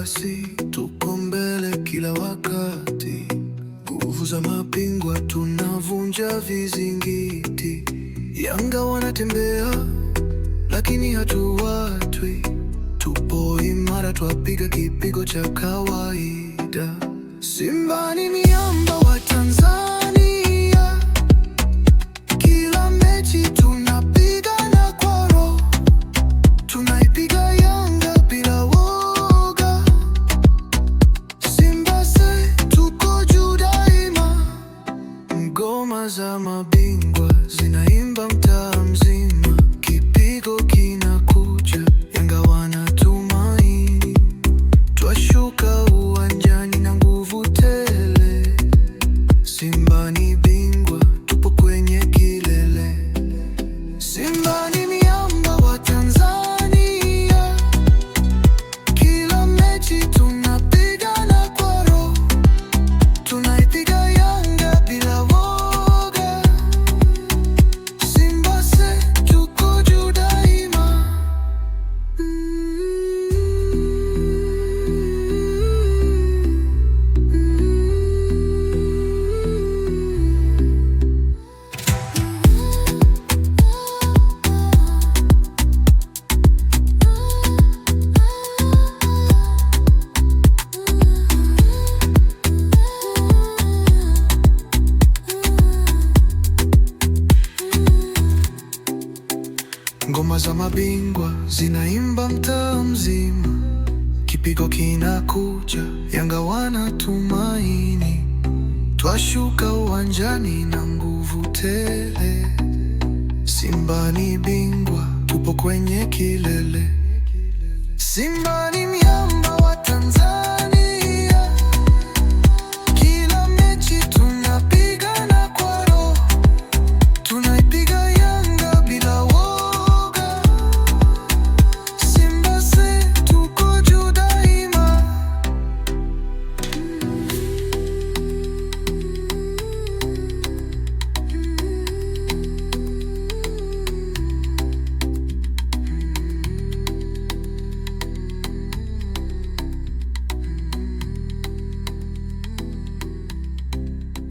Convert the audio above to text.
kasi, tuko mbele kila wakati, nguvu za mapingwa, tunavunja vizingiti. Yanga wanatembea lakini hatuwatwi, tupo imara, twapiga kipigo cha kawaida. za mabingwa zinaimba mtaa mzima. Ngoma za mabingwa zinaimba mtaa mzima, kipigo kinakuja, Yanga wanatumaini Twashuka uwanjani na nguvu tele, Simba ni bingwa, tupo kwenye kilele, Simba ni